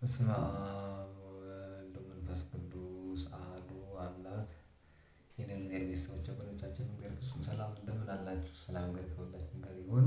በስመ አብ ወወልድ ወመንፈስ ቅዱስ አሐዱ አምላክ። ይህንን እግዚአብሔር ቤተሰቦች ወገኖቻችን እግዚአብሔር ፍጹም ሰላም እንደምን አላችሁ? ሰላም እግዚአብሔር ከሁላችን ጋር ይሁን።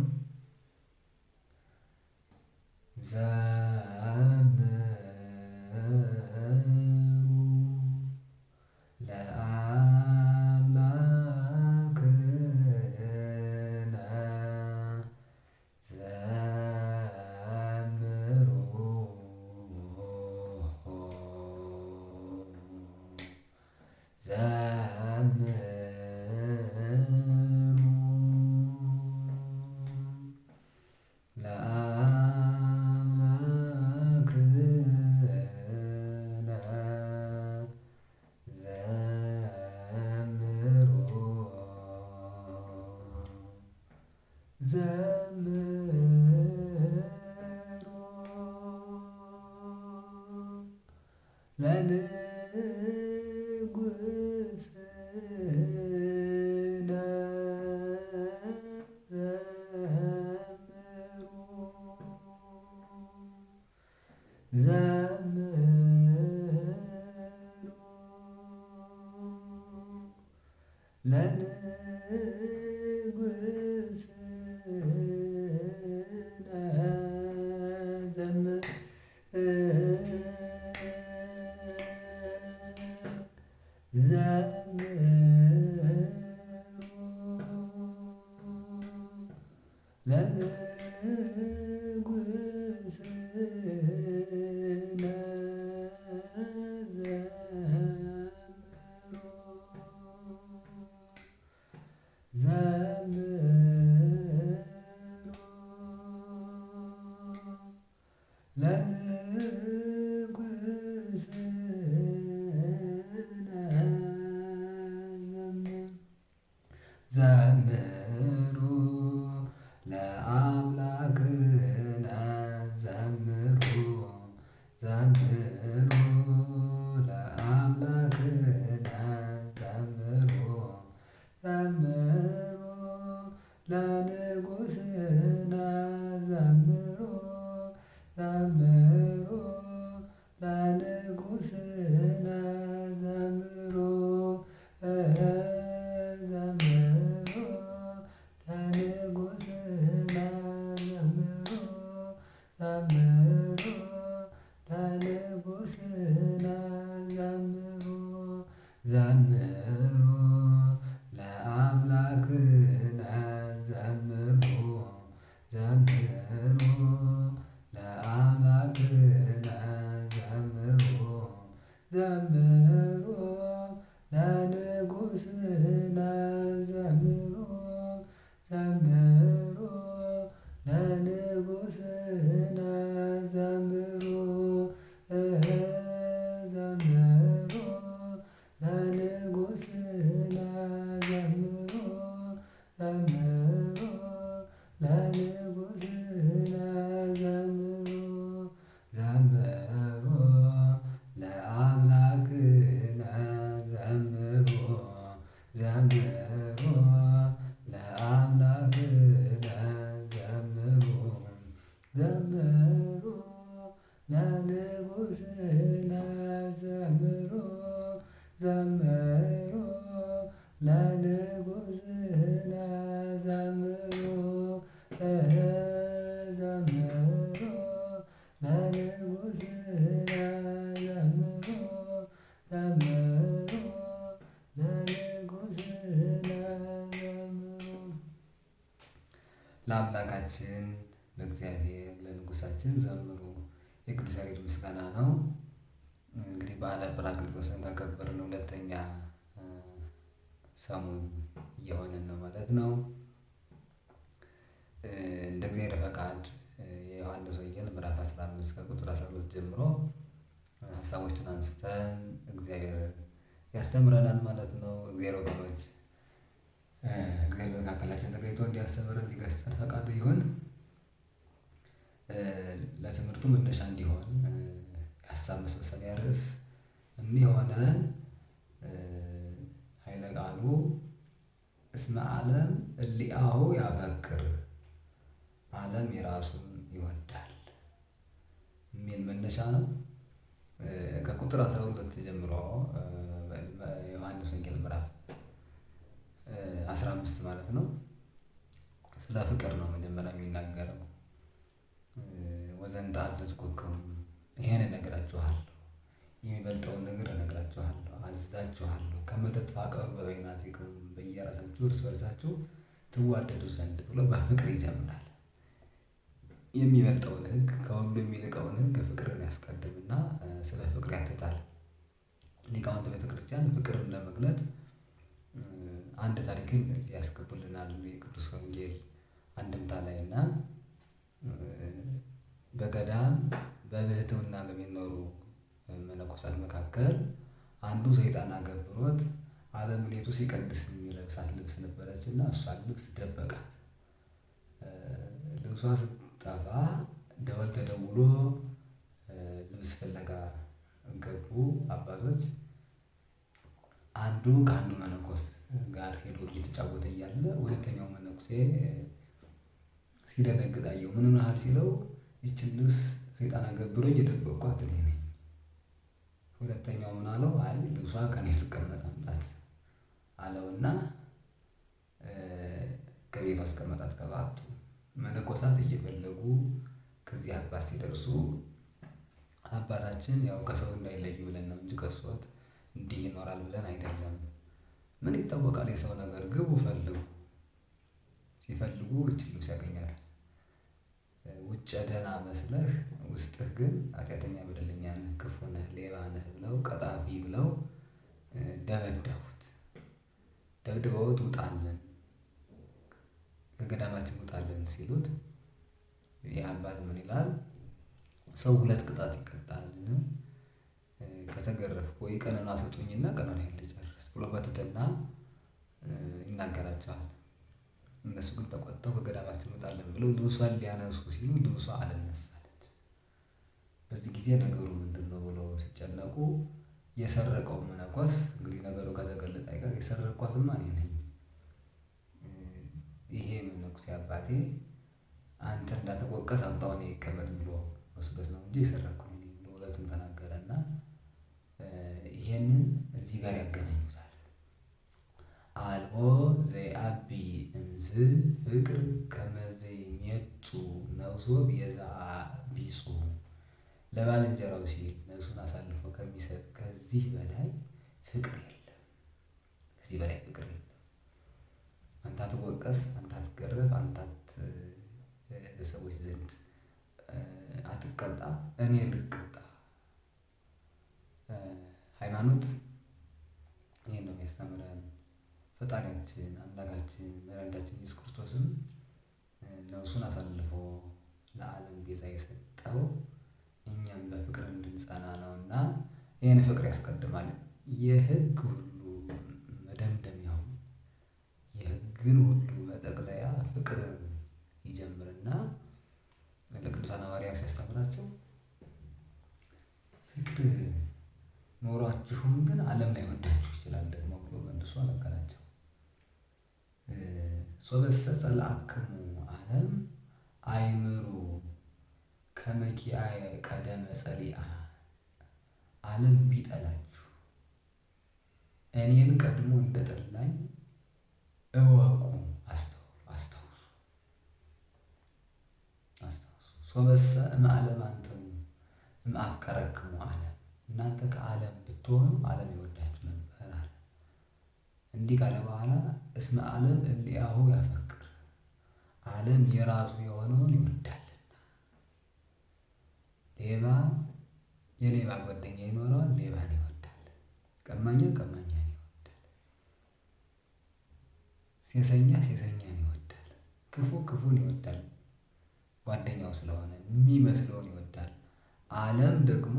ዘምር that ቅዱስ ዘምሩ ለንጉሥና እግዚአብሔር መካከላችን ዘጋጅቶ እንዲያስተምር እንዲገስጸን ፈቃዱ ይሁን። ለትምህርቱ መነሻ እንዲሆን የሀሳብ መሰብሰቢያ ርዕስ የሚሆነ ኃይለ ቃሉ እስመ ዓለም እሊአሁ ያፈቅር ዓለም የራሱን ይወዳል የሚል መነሻ ነው። ከቁጥር 12 ጀምሮ ዮሐንስ ወንጌል ምዕራፍ አስራ አምስት ማለት ነው። ስለ ፍቅር ነው መጀመሪያ የሚናገረው። ወዘንተ አዘዝኩክሙ ይሄን እነግራችኋለሁ፣ የሚበልጠውን ነገር እነግራችኋለሁ፣ አዛችኋለሁ ከመተፋቀሩ በበይናቲክሙ በየራሳችሁ እርስ በርሳችሁ ትዋደዱ ዘንድ ብሎ በፍቅር ይጀምራል። የሚበልጠውን ሕግ ከሁሉ የሚልቀውን ሕግ ፍቅርን ያስቀድምና ስለ ፍቅር ያትታል። ሊቃውንት ቤተክርስቲያን ፍቅርን ለመግለጽ አንድ ታሪክን እዚህ ያስገቡልናል የቅዱስ ወንጌል አንድምታ ላይ እና በገዳም በብሕትውና በሚኖሩ መነኮሳት መካከል አንዱ ሰይጣን አገብሮት አበምኔቱ ሲቀድስ የሚለብሳት ልብስ ነበረች እና እሷን ልብስ ደበቃት። ልብሷ ስጠፋ ደወል ተደውሎ ልብስ ፍለጋ ገቡ አባቶች። አንዱ ከአንዱ መነኮስ ጋር ሄዶ እየተጫወተ እያለ ሁለተኛው መነኩሴ ሲደነግጣየው ምን ሆነሃል ሲለው ይችን ልብስ ሰይጣን አገብሮ እየደበቅኳት እኔ ነኝ። ሁለተኛው ምን አለው? አይ ልብሷ ከኔ ስትቀመጥ አምጣት አለውና ከቤቷ አስቀመጣት። ከበዓቱ መነኮሳት እየፈለጉ ከዚህ አባት ሲደርሱ አባታችን ያው ከሰው እንዳይለይ ብለን ነው እንጂ ከሷት እንዲህ ይኖራል ብለን አይደለም። ምን ይታወቃል የሰው ነገር፣ ግቡ፣ ፈልጉ። ሲፈልጉ ውጭ ልብስ ያገኛል። ውጭ ደህና መስለህ ውስጥህ ግን ኃጢአተኛ፣ በደለኛ ነህ፣ ክፉ ነህ፣ ሌባ ነህ ብለው ቀጣፊ ብለው ደበደቡት። ደብድበውት ውጣልን፣ ከገዳማችን ውጣልን ሲሉት ይህ አባት ምን ይላል? ሰው ሁለት ቅጣት ይቀጣልን ከተገረፍኩ ወይ ቀነና ስጡኝና ቀኖናዬን ጨርስ ብሎ በትህትና ይናገራቸዋል። እነሱ ግን ተቆጥተው ከገዳማችን እንወጣለን ብለው ልብሷን ሊያነሱ ሲሉ ልብሷ አልነሳ በዚህ ጊዜ ነገሩ ምንድን ነው ብለው ሲጨነቁ የሰረቀው መነኮስ እንግዲህ ነገሩ ከተገለጠ አይቀር የሰረቅኳትማ እኔ ነኝ፣ ይሄ መነኩሴ አባቴ አንተ እንዳትወቀስ አምጣውን ይቀመጥ ብሎ ወስዶት ነው እንጂ የሰረኩት እኔ ብሎ እውነቱን ተናገረና እዚህ ጋር ያገናኙታል። አልቦ ዘይአቢ እምዝ ፍቅር ከመዘይሜጡ ነብሶ ቤዛ ቢጹ ለባልንጀራው ሲል ነብሱን አሳልፎ ከሚሰጥ ከዚህ በላይ ፍቅር የለም። ከዚህ በላይ ፍቅር የለም። አንተ አትወቀስ፣ አንተ አትገረፍ፣ አንተ በሰዎች ዘንድ አትቀጣ፣ እኔ ልቀጣ። ሃይማኖት ይሄን ነው የሚያስተምረን። ፈጣሪያችን አምላካችን መረዳችን ኢየሱስ ክርስቶስም ነፍሱን አሳልፎ ለዓለም ቤዛ የሰጠው እኛም በፍቅር እንድንጸና ነው እና ይህን ፍቅር ያስቀድማል። የህግ ሁሉ መደምደሚያው የህግን ሁሉ መጠቅለያ ፍቅር ይጀምርና ለቅዱሳን ሐዋርያት ሲያስተምራቸው ፍቅር ኖሯችሁም ግን ዓለም ላይ ወዳችሁ ይችላል ደግሞ መልሶ ነገራቸው። ሶበሰ ጸልአክሙ ዓለም አይምሩ ከመኪአየ ቀደመ ጸሊአ ዓለም ቢጠላችሁ እኔን ቀድሞ እንደጠላኝ እወቁ፣ አስታውሱ አስታውሱ። ሶበሰ እምዓለም አንትሙ እምአፍቀረክሙ ዓለም እናንተ ከዓለም ብትሆኑ ዓለም ይወዳል። እንዲህ ካለ በኋላ እስመ ዓለም እሊአሁ ያፈቅር ዓለም የራሱ የሆነውን ይወዳልና። ሌባ የሌባ ጓደኛ ይኖረዋል፣ ሌባን ይወዳል። ቀማኛ ቀማኛን ይወዳል። ሴሰኛ ሴሰኛን ይወዳል። ክፉ ክፉን ይወዳል፣ ጓደኛው ስለሆነ የሚመስለውን ይወዳል። ዓለም ደግሞ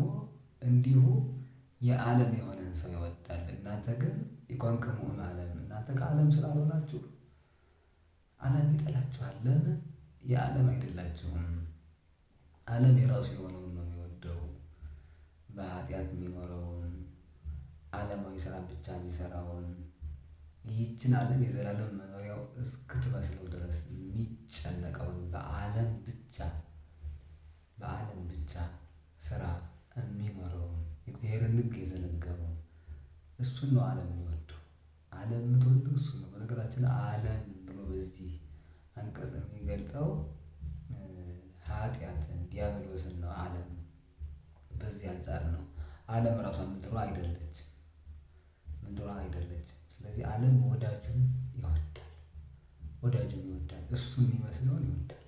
እንዲሁ የዓለም የሆነን ሰው ይወዳል። እናንተ ግን ኢኮንክሙ እምአለም እናንተ ከዓለም ስላልሆናችሁ ዓለም ይጠላችኋል። ለምን? የዓለም አይደላችሁም። ዓለም የራሱ የሆነውን ነው የሚወደው፣ በኃጢአት የሚኖረውን ዓለማዊ ስራ ብቻ የሚሰራውን ይህችን ዓለም የዘላለም መኖሪያው እስክትመስለው ድረስ የሚጨነቀውን በዓለም ብቻ በዓለም ብቻ ስራ የሚኖረውን እግዚአብሔርን ልግ የዘነገበው እሱን ነው ዓለም የሚሆን ዓለም የምትወደው እሱ ነው። በነገራችን ዓለም ብሎ በዚህ አንቀጽ የሚገልጠው ኃጢአትን ዲያብሎስን ነው። ዓለም በዚህ አንጻር ነው። ዓለም ራሷ ምድሯ አይደለች ምድሯ አይደለች። ስለዚህ ዓለም ወዳጁን ይወዳል፣ ወዳጁን ይወዳል፣ እሱ የሚመስለውን ይወዳል።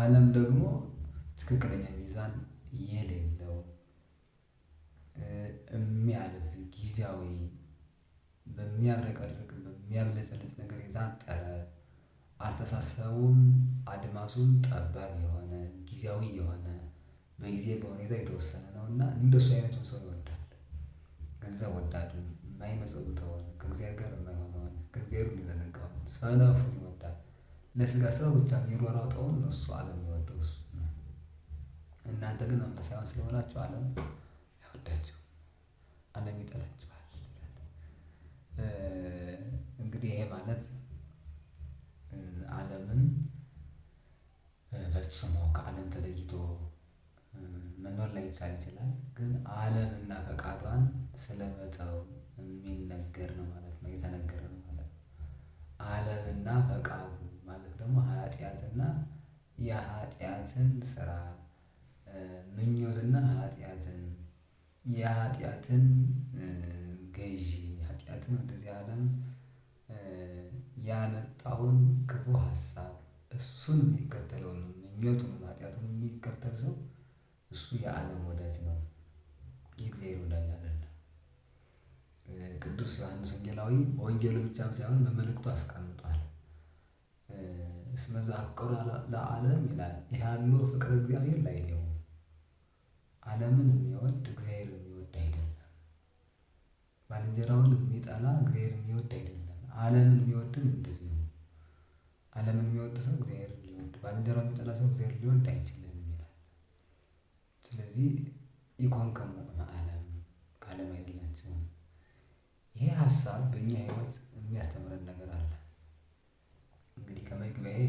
ዓለም ደግሞ ትክክለኛ ሚዛን የሌለው የሚያልፍ ጊዜያዊ በሚያብረቀርቅ በሚያብለጨልጭ ነገር የታጠረ አስተሳሰቡም አድማሱም ጠባብ የሆነ ጊዜያዊ የሆነ በጊዜ በሁኔታ የተወሰነ ነው እና እንደሱ አይነቱን ሰው ይወዳል። ገንዘብ ወዳዱን የማይመጸውተውን ከእግዚአብሔር ጋር የማይሆነውን ከእግዚአብሔር የሚዘነጋውን ሰነፉን ይወዳል። ለስጋ ስራ ብቻ የሚሯሯጠውን እሱ ዓለም የሚወደው እሱ እናንተ ግን መንፈሳውያን ስለሆናችሁ ዓለም አይወዳችሁም፣ ዓለም ይጠላችኋል። ፈጽሞ ከዓለም ተለይቶ መኖር ላይ ላይቻል ይችላል፣ ግን እና ፈቃዷን ስለመተው የሚነገር ነው ማለት ነው፣ የተነገረ ነው ማለት ነው። እና ፈቃዱ ማለት ደግሞ ኃጢአትና የኃጢአትን ስራ ምኞትና ኃጢአትን የኃጢአትን ገዢ ኃጢአትን ወደዚህ ዓለም ያመጣውን ክፉ ሀሳብ እሱን የሚከተለው ነው። የቱንም ኃጢአቱን የሚከተል ሰው እሱ የዓለም ወዳጅ ነው፣ የእግዚአብሔር ወዳጅ አይደለም። ቅዱስ ዮሐንስ ወንጌላዊ በወንጌሉ ብቻ ሳይሆን በመልእክቱ አስቀምጧል። እስመ ዘአፍቀሮ ለዓለም ይላል ይሃሉ ፍቅር እግዚአብሔር ላይ ነው። ዓለምን የሚወድ እግዚአብሔር የሚወድ አይደለም። ባልንጀራውን የሚጠላ እግዚአብሔር የሚወድ አይደለም። ዓለምን የሚወድም እንደዚህ ነው። ዓለምን የሚወድ ሰው እግዚአብሔር ባልንጀራውን የሚጠላ ሰው እግዚአብሔር ሊወድ አይችልም ይላል። ስለዚህ ኢኮን ከመሆነ ዓለም ከዓለም አይደላችሁም። ይሄ ሀሳብ በእኛ ህይወት የሚያስተምረን ነገር አለ። እንግዲህ ከመግቢያዬ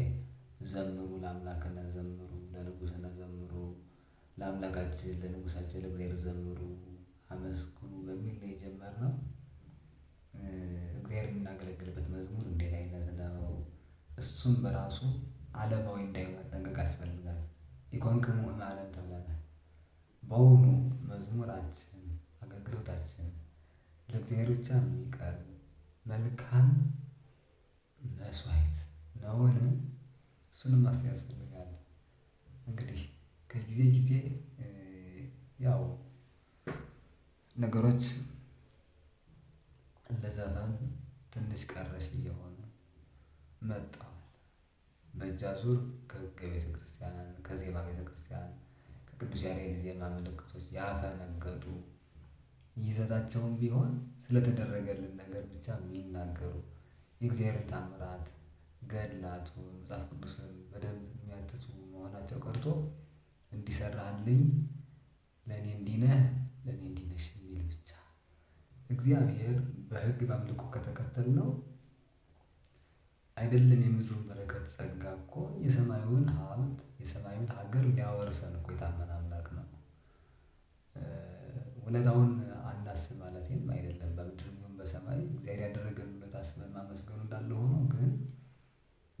ዘምሩ ለአምላክነ ዘምሩ ለንጉሥነ ዘምሩ ለአምላካችን ለንጉሳችን ለእግዚአብሔር ዘምሩ አመስግኑ በሚል ነው የጀመርነው። እግዚአብሔር የምናገለግልበት መዝሙር እንዴት አይነት ነው? እሱም በራሱ ዓለማዊ እንዳይሆን መጠንቀቅ ያስፈልጋል። ኢኮንክሙ እምዓለም ተብለናል። በውኑ መዝሙራችን አገልግሎታችን ለእግዚአብሔር ብቻ የሚቀርብ መልካም መስዋዕት ነውን? እሱንም ማስተር ያስፈልጋል። እንግዲህ ከጊዜ ጊዜ ያው ነገሮች ለዘፈን ትንሽ ቀረሽ እየሆኑ መጣ በእጅ ዙር ከህገ ቤተ ክርስቲያን፣ ከዜማ ቤተ ክርስቲያን፣ ከቅዱስ ያሬድ ዜማ ምልክቶች ያፈነገጡ ይዘታቸውም ቢሆን ስለተደረገልን ነገር ብቻ የሚናገሩ የእግዚአብሔር ታምራት ገድላቱን መጽሐፍ ቅዱስን በደንብ የሚያትቱ መሆናቸው ቀርቶ እንዲሰራልኝ ለእኔ እንዲነህ ለእኔ እንዲነሽ የሚል ብቻ እግዚአብሔር በህግ በአምልኮ ከተከተል ነው አይደለም የምድሩን በረከት ጸጋ እኮ የሰማዩን ሀብት የሰማዩን ሀገር ሊያወርሰን እኮ የታመነ አምላክ ነው። ውለታውን አናስብ ማለትም አይደለም። በምድር ይሁን በሰማይ እግዚአብሔር ያደረገን ውለታ አስበን ማመስገኑ እንዳለ ሆኖ ግን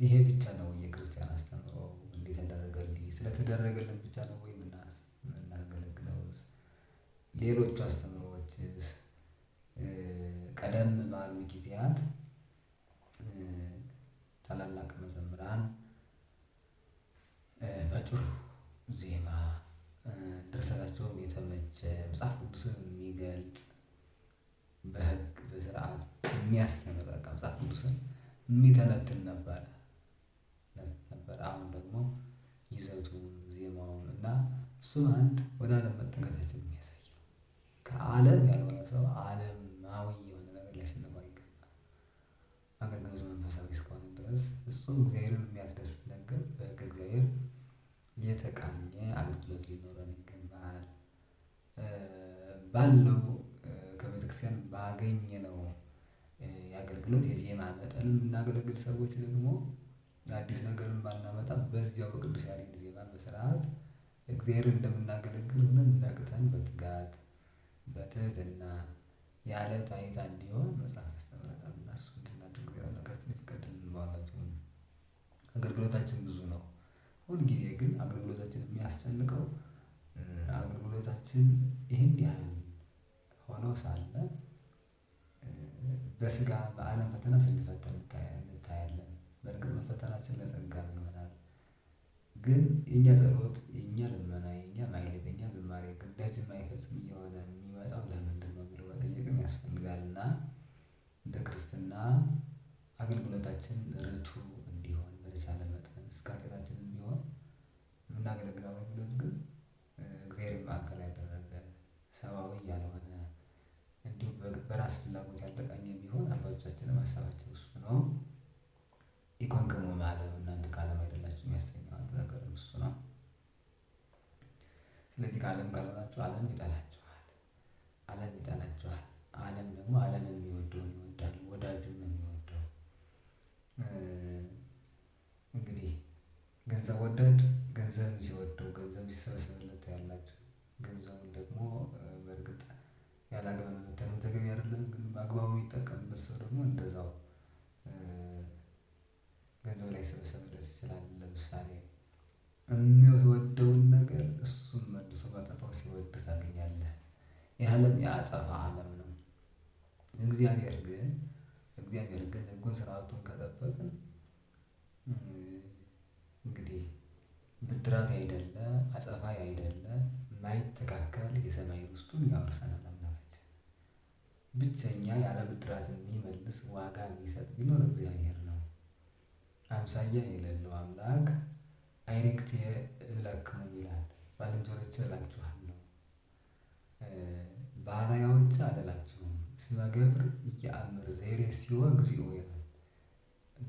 ይሄ ብቻ ነው የክርስቲያን አስተምሮ። እንዴት ያደረገልኝ ስለተደረገልን ብቻ ነው ወይ የምናገለግለው? ሌሎቹ አስተምሮዎችስ ቀደም ባሉ ጊዜያት ታላላቅ መዘምራን በጥሩ ዜማ ድርሰታቸውም የተመቸ መጽሐፍ ቅዱስን የሚገልጥ በህግ በስርዓት የሚያስተምር በቃ መጽሐፍ ቅዱስን የሚተነትን ነበረ ነበር። አሁን ደግሞ ይዘቱን ዜማውን እና እሱም አንድ ወደ ዓለም መጠጋታችን የሚያሳይ ነው። ከዓለም ያልሆነ ሰው ዓለማዊ የሆነ ነገር ሊያሸንፈው ይገባል። አገልግሎት እሱም እግዚአብሔርን የሚያስደስት ነገር በሕገ እግዚአብሔር የተቃኘ አገልግሎት ሊኖረን ይገባል። ባለው ከቤተክርስቲያን ባገኘ ነው የአገልግሎት የዜማ መጠን የምናገለግል ሰዎች ደግሞ አዲስ ነገርን ባናመጣ በዚያው በቅዱስ ያሬድ ዜማ በስርዓት እግዚአብሔር እንደምናገለግል ምን ነቅተን በትጋት በትህትና ያለ ታይታ እንዲሆን መጽሐፍ ያስተምረናል እና እሱ እንድናደርግ ነገር ፍቀድልን ማለት ነው። አገልግሎታችን ብዙ ነው። ሁል ጊዜ ግን አገልግሎታችን የሚያስጨንቀው አገልግሎታችን ይህን ያህል ሆኖ ሳለ በስጋ በዓለም ፈተና ስንፈተን እንታያለን። በእርግጥ መፈተናችን ለጸጋም ይሆናል። ግን የእኛ ጸሎት፣ የእኛ ልመና፣ የእኛ ማይሌት፣ የእኛ ዝማሬ ግዳጅ የማይፈጽም እየሆነ የሚመጣው ለምንድን ነው ብሎ መጠየቅም ያስፈልጋልና እንደ ክርስትና አገልግሎታችን ርቱ በተቻለ መጠን እስከ ኃጢአታችንም ቢሆን የምናገለግለው አገልግሎት ግን እግዚአብሔርን ማዕከል ያደረገ ሰብአዊ ያልሆነ እንዲሁም በራስ ፍላጎት ያልተቃኘ ቢሆን አባቶቻችንም ሀሳባቸው እሱ ነው። ኢኮንክሙ ማለት እናንተ ከዓለም አይደላችሁ የሚያሰኘው አንዱ ነገር እሱ ነው። ስለዚህ ከዓለም ካልሆናችሁ ዓለም ይጠላችኋል። ዓለም ይጠላችኋል። ዓለም ደግሞ ዓለምን የሚወደውን ገንዘብ ወዳድ ገንዘብ ሲወደው ገንዘብ ሲሰበሰብለት ያላችሁ ገንዘቡን ደግሞ በእርግጥ ያላግባብ መበተንም ተገቢ አይደለም። ግን በአግባቡ የሚጠቀምበት ሰው ደግሞ እንደዛው ገንዘብ ላይ ላይሰበሰብለት ይችላል። ለምሳሌ የሚወደውን ነገር እሱን መልሶ ባጠፋው ሲወድ ታገኛለህ። ይህ የአጸፋ ዓለም ነው። እግዚአብሔር ግን እግዚአብሔር ግን ህጉን ስርዓቱን ከጠበቅን እንግዲህ ብድራት ያይደለ አጸፋ ያይደለ የማይተካከል የሰማይ ውስጡን ያወርሰናል አምላካችን። ብቸኛ ያለ ብድራት የሚመልስ ዋጋ የሚሰጥ ቢኖር እግዚአብሔር ነው። አምሳያ የሌለው አምላክ አይሬክትየ እብለክሙ ይላል። ባልንጀሮቼ እላችኋለሁ ባህላያዎች አልላችሁም እስመ ገብር እየአምር ዘይሬ ሲወ እግዚኦ ይላል።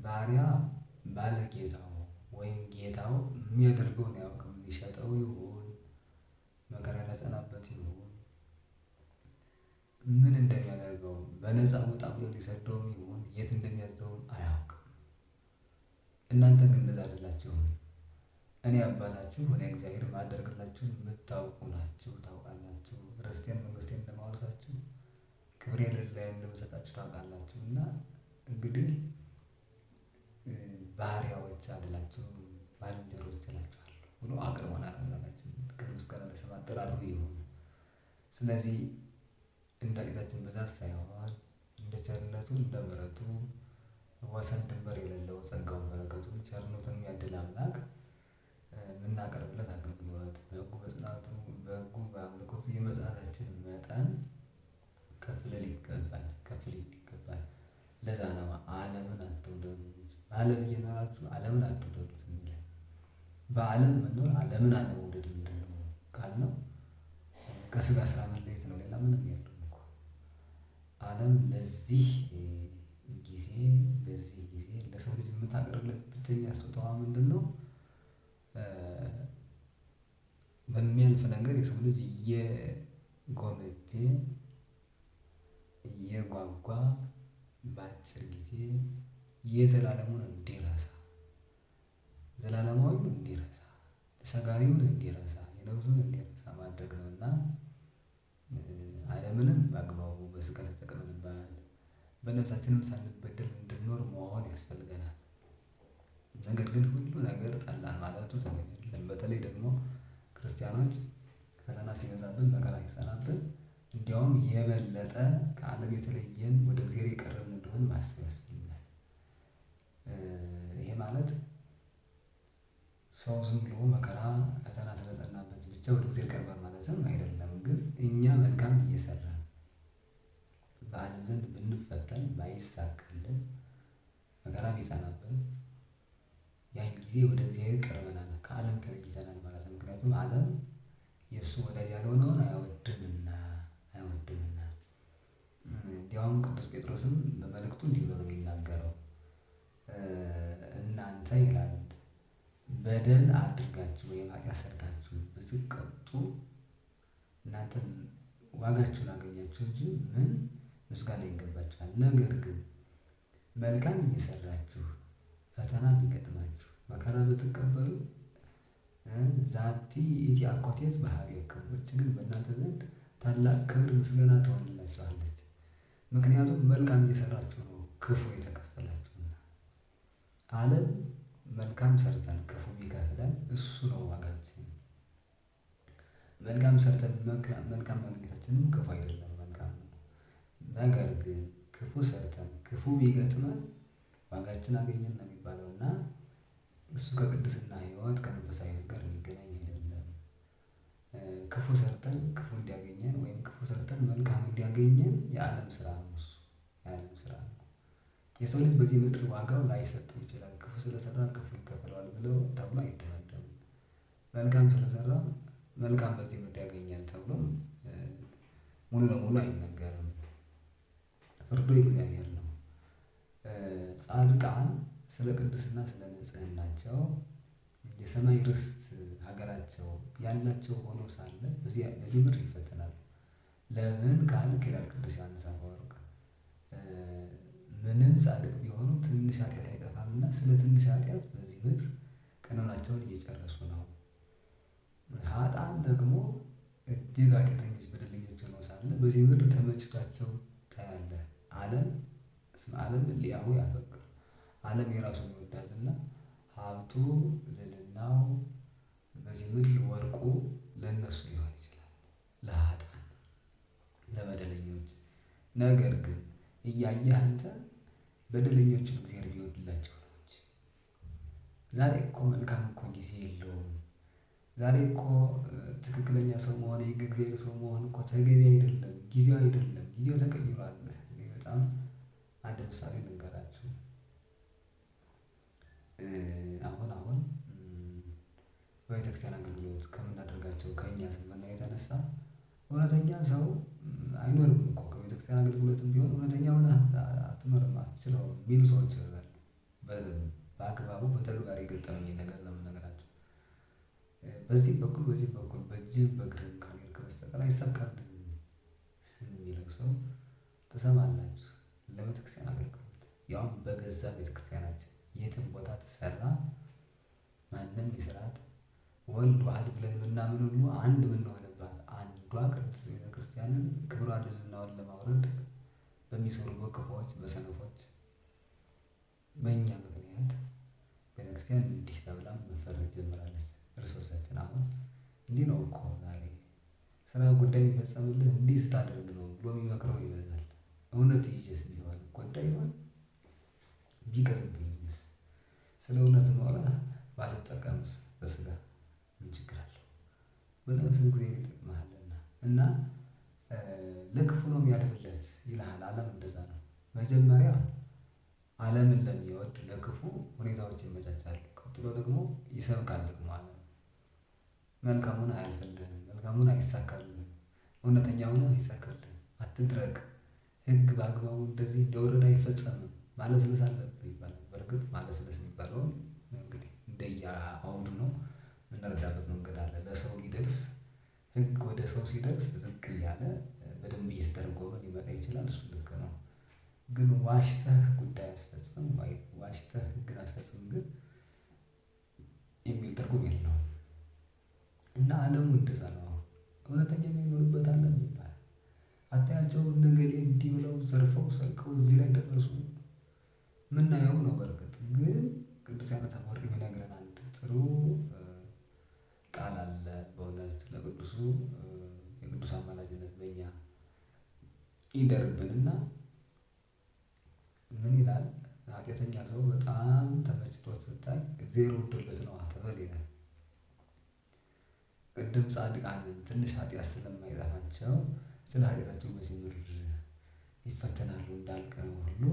ባሪያ ባለጌታው ወይም ጌታው የሚያደርገውን አያውቅም። ሊሸጠው ይሆን መከራ ሊያጸናበት ይሆን ምን እንደሚያደርገው በነፃ ውጣ ብሎ ሊሰደውም ይሆን የት እንደሚያዘውም አያውቅም። እናንተ ግን እንደዛ አይደላችሁ። እኔ አባታችሁ እኔ እግዚአብሔር ማደርግላችሁ የምታውቁ ናችሁ፣ ታውቃላችሁ። ርስቴን መንግስቴን እንደማወርሳችሁ ክብሬ ለሌላ እንደምሰጣችሁ ታውቃላችሁ እና እንግዲህ ባሪያዎች አይደላችሁም ባልንጀሮች እላችኋለሁ ብሎ አቅርቦናል። አምላካችን ቅዱስ ጋር ለስሙ አጠራሩ ይሁን። ስለዚህ እንደ ኃጢአታችን ብዛት ሳይሆን እንደ ቸርነቱ እንደ ምረቱ ወሰን ድንበር የሌለው ጸጋው በረከቱ ቸርነቱን የሚያድል አምላክ የምናቀርብለት አገልግሎት በህጉ በጽናቱ በህጉ በአምልኮቱ የመጽናታችን መጠን ከፍልል ይገባል። ከፍ ይገባል። ለዛ ነው ዓለምን አትውደዱ በዓለም እየኖራችሁ ዓለምን አትውደዱት የሚለን በዓለም መኖር ዓለምን አለመውደድ ምንድነው ካልነው ከስጋ ስራ መለየት ነው። ሌላ ምንም የለም እኮ ዓለም ለዚህ ጊዜ ለዚህ ጊዜ ለሰው ልጅ የምታቀርብለት ብቸኛ ስጦታዋ ምንድን ነው? በሚያልፍ ነገር የሰው ልጅ እየጎመጀ እየጓጓ በአጭር ጊዜ የዘላለሙን እንዲረሳ ዘላለማዊውን እንዲረሳ ተሰጋሪውን እንዲረሳ የነብሱን እንዲረሳ ማድረግ ነው እና ዓለምንም በአግባቡ በስቀት ተጠቅመንባት በነፍሳችንም ሳንበደል እንድንኖር መሆን ያስፈልገናል። ነገር ግን ሁሉ ነገር ጠላን ማለቱ ተገቢ በተለይ ደግሞ ክርስቲያኖች ፈተና ሲበዛብን፣ መከራ ሲጸናብን እንዲያውም የበለጠ ከዓለም የተለየን ወደ እግዚአብሔር የቀረብን እንደሆን ማሰብ ያስፈልጋል። ይሄ ማለት ሰው ዝም ብሎ መከራ ፈተና ስለጸናበት ብቻ ወደ እግዚአብሔር ቀርቧል ማለትም አይደለም። ግን እኛ መልካም እየሰራ በዓለም ዘንድ ብንፈተን ባይሳካልን መከራ ቢጸናብን ያን ጊዜ ወደ እግዚአብሔር ቀርበናል፣ ከዓለም ተለይተናል ማለት ነው። ምክንያቱም ዓለም የእሱ ወዳጅ ያልሆነውን አይወድምና አይወድምና እንዲያውም ቅዱስ ጴጥሮስም በመልእክቱ እንዲህ ብሎ ነው የሚናገረው እናንተ ይላል በደል አድርጋችሁ ወይም ኃጢአት ሰርታችሁ ብትቀጡ እናንተ ዋጋችሁን አገኛችሁ እንጂ ምን ምስጋና ይገባችኋል። ነገር ግን መልካም እየሰራችሁ ፈተና ቢገጥማችሁ መከራ ብትቀበሉ ዛቲ ኢቲ አኮቴት በሀቤክሙ ግን በእናንተ ዘንድ ታላቅ ክብር ምስጋና ትሆንላችኋለች። ምክንያቱም መልካም እየሰራችሁ ነው ክፉ የተቀ ዓለም መልካም ሰርተን ክፉ ቢከፍለን እሱ ነው ዋጋችን። መልካም ሰርተን መልካም ማግኘታችንም ክፉ አይደለም፣ መልካም ነው። ነገር ግን ክፉ ሰርተን ክፉ ቢገጥመን ዋጋችን አገኘን ነው የሚባለው እና እሱ ከቅድስና ህይወት ከመንፈሳዊ ሕይወት ጋር የሚገናኝ አይደለም። ክፉ ሰርተን ክፉ እንዲያገኘን ወይም ክፉ ሰርተን መልካም እንዲያገኘን የዓለም ስራ ነው፣ የዓለም ስራ ነው። የሰው ልጅ በዚህ ምድር ዋጋው ላይሰጠው ይችላል። ክፉ ስለሰራ ክፉ ይከፈለዋል ብለው ተብሎ አይደመደምም። መልካም ስለሰራ መልካም በዚህ ምድር ያገኛል ተብሎ ሙሉ ለሙሉ አይነገርም። ፍርዶ እግዚአብሔር ነው። ጻድቃን ስለ ቅድስና ስለ ንጽህናቸው የሰማይ ርስት ሀገራቸው ያላቸው ሆኖ ሳለ በዚህ ምድር ይፈተናል። ለምን ካልክ ይላል ቅዱስ ዮሐንስ አፈወርቅ ምንም ጻድቅ ቢሆኑ ትንሽ ኃጢአት እና ስለ ትንሽ ኃጢአት በዚህ ምድር ቀኖናቸውን እየጨረሱ ነው። ሀጣን ደግሞ እጅግ ኃጢአተኞች በደለኞች ነው ሳለ በዚህ ምድር ተመችቷቸው ታያለ። አለም አለም ሊያሁ ሕሊአሁ ያፈቅር ዓለም የራሱን ይወዳልና ሀብቱ፣ ልልናው በዚህ ምድር ወርቁ ለነሱ ሊሆን ይችላል፣ ለሀጣን ለበደለኞች። ነገር ግን እያየህ አንተ በደለኞችን እግዚአብሔር ቢወድላቸው ነው እንጂ ዛሬ እኮ መልካም እኮ ጊዜ የለውም። ዛሬ እኮ ትክክለኛ ሰው መሆን የእግዚአብሔር ሰው መሆን እኮ ተገቢ አይደለም። ጊዜው አይደለም። ጊዜው ተቀይሯል። እኔ በጣም አንድ ምሳሌ ልንገራችሁ። አሁን አሁን በቤተክርስቲያን አገልግሎት ከምናደርጋቸው ከእኛ ስመና የተነሳ እውነተኛ ሰው አይኖርም እኮ ቤተክርስቲያን አገልግሎትም ቢሆን እውነተኛ ሆነ አትምርም አትችለውም የሚሉ ሰዎች ይበዛል። በአግባቡ በተግባር የገጠመኝን ነገር ነው የምነግራቸው። በዚህ በኩል በዚህ በኩል በእጅ በእግርህም ካልሄድክ በስተቀር አይሳካልህም የሚለው ሰው ትሰማላችሁ። ለቤተክርስቲያን አገልግሎት ያውም በገዛ ቤተክርስቲያናችን የትም ቦታ ተሰራ ማንም የስርዓት ወልድ ዋህድ ብለን የምናምን ሁሉ አንድ የምንሆንባት አንዷ ቅድስት ቤተክርስቲያንን ክርስቲያንን ክብሯ ልዕልናዋን ለማውረድ በሚሰሩ በክፉዎች በሰነፎች በእኛ ምክንያት ቤተክርስቲያን እንዲህ ተብላ መፈረጅ ጀምራለች። እርስ በርሳችን አሁን እንዲህ ነው እኮ ዛሬ ስራ ጉዳይ የሚፈጸምልህ እንዲህ ስታደርግ ነው ብሎ የሚመክረው ይበዛል። እውነት ይዤስ ቢሆን ጉዳይ ይሆን ቢቀርብኝስ ስለ እውነት ኖረ ባትጠቀምስ በስጋ ምን ችግር በብዙ ጊዜ ይጠቅምሃልና እና ለክፉ ነው የሚያድርለት ይልሃል። ዓለም እንደዛ ነው። መጀመሪያ ዓለምን ለሚወድ ለክፉ ሁኔታዎች ይመቻቻሉ። ቀጥሎ ደግሞ ይሰብካል። ደግሞ ዓለም መልካሙን አያልፍልህም፣ መልካሙን አይሳካልህም፣ እውነተኛውን አይሳካልህም፣ አትድረቅ፣ ህግ በአግባቡ እንደዚህ እንደወረደ አይፈጸምም፣ ማለስለስ አለብህ ይባላል። በእርግጥ ማለስለስ የሚባለውን እንግዲህ እንደየ አውዱ ነው። የምንረዳበት መንገድ አለ። ለሰው ሊደርስ ህግ ወደ ሰው ሲደርስ ዝቅ እያለ በደንብ እየተተረጎመ ሊመጣ ይችላል። እሱ ልክ ነው። ግን ዋሽተህ ጉዳይ አስፈጽም፣ ዋሽተህ ህግን አስፈጽም ግን የሚል ትርጉም የለውም እና ዓለሙ እንደዛ ነው። እውነተኛ የሚኖርበት ዓለም ይባል አታያቸው ነገር እንዲህ ብለው ዘርፈው ሰልቀው እዚህ ላይ እንደደረሱ ምናየው ነው። በርግጥ ግን ቅዱስ ዮሐንስ አፈወርቅ የሚነግረን አንድ ጥሩ ቃል አለ። በእውነት ለቅዱሱ የቅዱስ አማላጅነት በእኛ ይደርብንና ምን ይላል? ኃጢአተኛ ሰው በጣም ተመችቶት ስታይ እግዜር ወዶለት ነው አትበል ይላል። ቅድም ጻድቃንን ትንሽ ኃጢአት ስለማይጠፋቸው ስለ ኃጢአታቸው በዚህ ይፈተናሉ እንዳልቀ ነው ሁሉ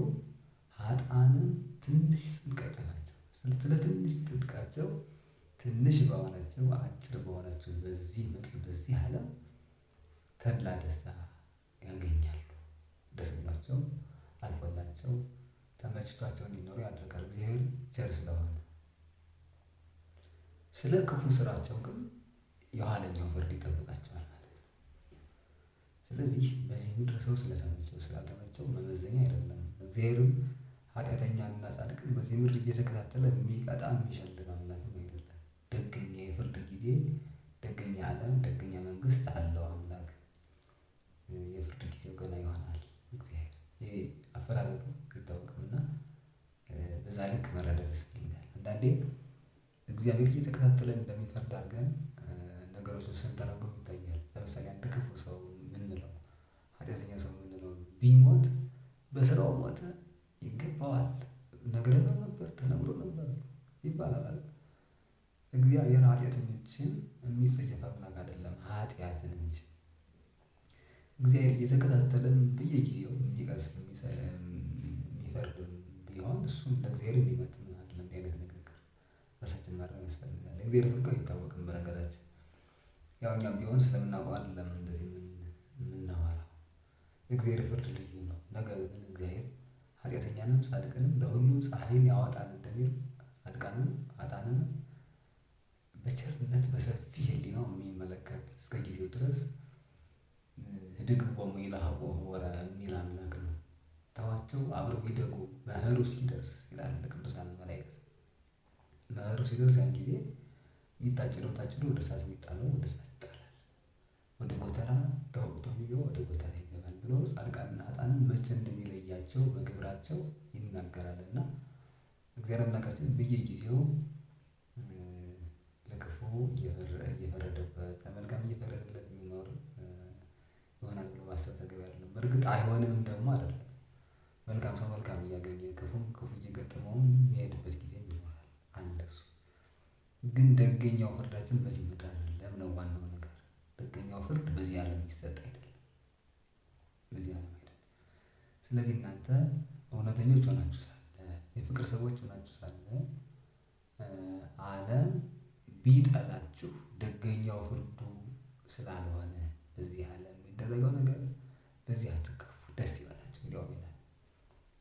ኃጥአንም ትንሽ ጽድቅ አይጠፋቸው ስለ ትንሽ ጽድቃቸው ትንሽ በሆነችው አጭር በሆነችው በዚህ ምድር በዚህ አለም ተድላ ደስታ ያገኛሉ ደስ ብሏቸው አልፎላቸው ተመችቷቸው እንዲኖሩ ያደርጋል እግዚአብሔር ቸር ስለሆነ። ስለ ክፉ ስራቸው ግን የኋለኛው ፍርድ ይጠብቃቸዋል ማለት ነው። ስለዚህ በዚህ ምድር ሰው ስለተመቸው ስላልተመቸው መመዘኛ አይደለም። እግዚአብሔርም ኃጢአተኛንና ጻድቅን በዚህ ምድር እየተከታተለ የሚቀጣ የሚሸልማል። ጊዜ ደገኛ ዓለም ደገኛ መንግስት አለው አምላክ። የፍርድ ጊዜው ገና ይሆናል። ይሄ አፈራረዱ አይታወቅምና በዛ ልክ መረዳት ያስፈልጋል። አንዳንዴ እግዚአብሔር እየተከታተለን እንደሚፈርድ አድርገን ነገሮችን ስንተረጉም ይታያል። ለምሳሌ አንድ ክፉ ሰው የምንለው ኃጢአተኛ ሰው የምንለው ቢሞት በስራው ሞተ ይገባዋል፣ ነግረነው ነበር፣ ተነግሮ ነበር ይባላል። እግዚአብሔር ኃጢአተኞችን የሚጸየፍ አምላክ አይደለም፣ ኃጢአትን እንጂ። እግዚአብሔር እየተከታተለን በየጊዜው የሚቀስፍ የሚፈርድ ቢሆን እሱም ለእግዚአብሔር የሚመጥን አይደለም። አይነት ንግግር ራሳችን ማድረግ ያስፈልጋል። እግዚአብሔር ፍርዱ አይታወቅም። በነገራችን ያው እኛም ቢሆን ስለምናውቀው አይደለም እንደዚህ የምናወራው። የእግዚአብሔር ፍርድ ልዩ ነው። ነገር ግን እግዚአብሔር ኃጢአተኛንም ጻድቅንም ለሁሉ ፀሐይን ያወጣል እንደሚል ጻድቃንም ኃጥአንም በቸርነት በሰፊ ሕሊናው የሚመለከት እስከ ጊዜው ድረስ ህድግ ቆሙ ይላሃቦ ወረ የሚል አምላክ ነው። ተዋቸው አብረው ይደጉ መኸሩ ሲደርስ ይላል ቅዱሳን መላእክት። መኸሩ ሲደርስ ያን ጊዜ የሚታጭደው ታጭዶ ወደ እሳት የሚጣለው ወደ እሳት ይጣላል፣ ወደ ጎተራ ተወቅቶ የሚገባ ወደ ጎተራ ይገባል ብሎ ጻድቃንና ኃጥአንን መቼ እንደሚለያቸው በግብራቸው ይናገራል ይናገራልና እግዚአብሔር አምላካችን በየጊዜው እየፈረደበት ለመልካም እየፈረደለት የሚኖር ይሆናል ብሎ ማሰብ ተገቢ አይደለም። በእርግጥ አይሆንም ደግሞ አይደለም። መልካም ሰው መልካም እያገኘ ክፉም ክፉ እየገጠመውም የሚሄድበት ጊዜም ይኖራል። አንድ እሱ ግን ደገኛው ፍርዳችን በዚህ ምድር አይደለም ነው ዋናው ነገር። ደገኛው ፍርድ በዚህ ዓለም የሚሰጥ አይደለም፣ በዚህ ዓለም አይደለም። ስለዚህ እናንተ እውነተኞች ሆናችሁ ሳለ የፍቅር ሰዎች ሆናችሁ ሳለ ዓለም ቢጠላችሁ ደገኛው ፍርዱ ስላልሆነ በዚህ ዓለም የሚደረገው ነገር በዚህ አትከፉ፣ ደስ ይበላችሁ። እንዲያውም ይላል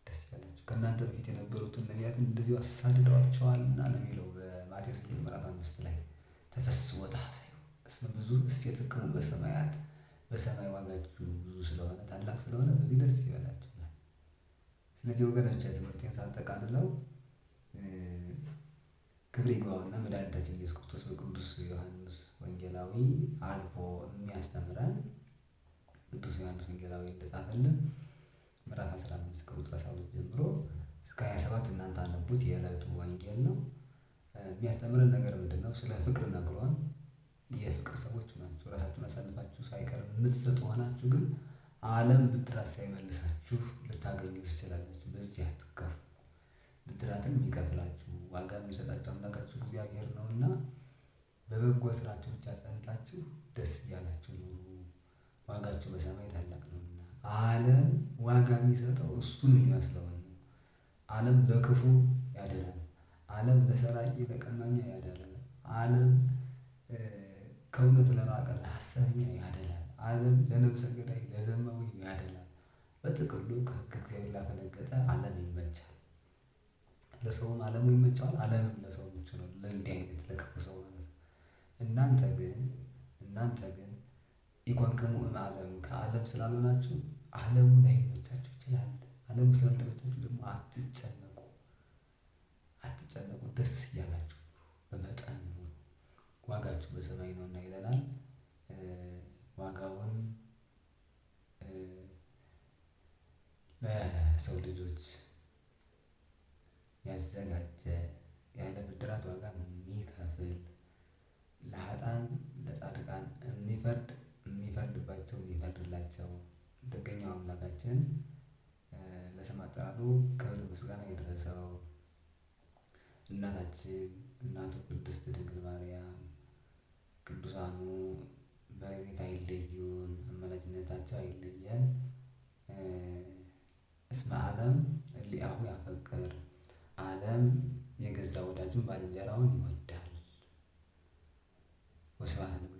ደስ ይበላችሁ፣ ከእናንተ በፊት የነበሩትን ነቢያትን እንደዚሁ አሳድደዋቸዋልና ነው የሚለው በማቴዎስ ወንጌል ምዕራፍ አምስት ላይ ተፈስቦ ታሕሳዩ እስመ ብዙ እስየትክሙ በሰማያት በሰማይ ዋጋችሁ ብዙ ስለሆነ ታላቅ ስለሆነ በዚህ ደስ ይበላችኋል። ስለዚህ ወገኖች ትምህርቴን ሳጠቃልለው ክብር ይግባውና መድኃኒታችን ኢየሱስ ክርስቶስ በቅዱስ ዮሐንስ ወንጌላዊ አልፎ የሚያስተምረን ቅዱስ ዮሐንስ ወንጌላዊ እንደጻፈልን ምዕራፍ 15 ከቁጥር 12 ጀምሮ እስከ 27 እናንተ አነቡት። የዕለቱ ወንጌል ነው። የሚያስተምረን ነገር ምንድን ነው? ስለ ፍቅር ነግሯል። የፍቅር ሰዎች ናቸው። ራሳችሁን አሳልፋችሁ ሳይቀር የምትሰጡ ሆናችሁ ግን ዓለም ብድራት ሳይመልሳችሁ ልታገኙ ትችላላችሁ። በዚህ አትከፉ። ብድራትን የሚከፍላችሁ ዋጋ የሚሰጣችሁ አምላካችሁ እግዚአብሔር ነው እና በበጎ ስራችሁ ብቻ ጸንታችሁ ደስ እያላችሁ ኑሩ፣ ዋጋችሁ በሰማይ ታላቅ ነውና። ዓለም ዋጋ የሚሰጠው እሱን የሚመስለውን ነው። ዓለም በክፉ ያደላል። ዓለም ለሰራቂ በቀማኛ ያደላል። ዓለም ከእውነት ለራቀ ለሐሰተኛ ያደላል። ዓለም ለነብሰ ገዳይ ለዘማዊ ያደላል። በጥቅሉ ከሕግ እግዚአብሔር ላፈነገጠ ዓለም ይመቻል። ለሰውም ዓለሙ ይመቸዋል፣ ዓለምም ለሰው ምቹ ነው። ለእንዲህ አይነት ለክፉ ሰው ማለት ነው። እናንተ ግን እናንተ ግን ኢኮንክሙ ዓለም ከዓለም ስላልሆናችሁ ዓለሙ ላይመቻችሁ ይችላል። ዓለሙ ስላልተመቻችሁ ደግሞ አትጨነቁ፣ አትጨነቁ። ደስ እያላችሁ በመጠን ዋጋችሁ በሰማይ ነው እና ይለናል። ዋጋውን ለሰው ልጆች ያዘጋጀ ያለ ብድራት ዋጋ የሚከፍል ለሀጣን ለጻድቃን የሚፈርድ የሚፈርድባቸው የሚፈርድላቸው ደገኛው አምላካችን ለስም አጠራሩ ክብር ምስጋና የደረሰው እናታችን እናቱ ቅድስት ድንግል ማርያም ቅዱሳኑ በቤት አይለዩን፣ አማላጅነታቸው አይለየን። እስመ ዓለም እሊአሁ ያፈቅር ዓለም የገዛ ወዳጁን ባልንጀራውን ይወዳል። ወስብሐት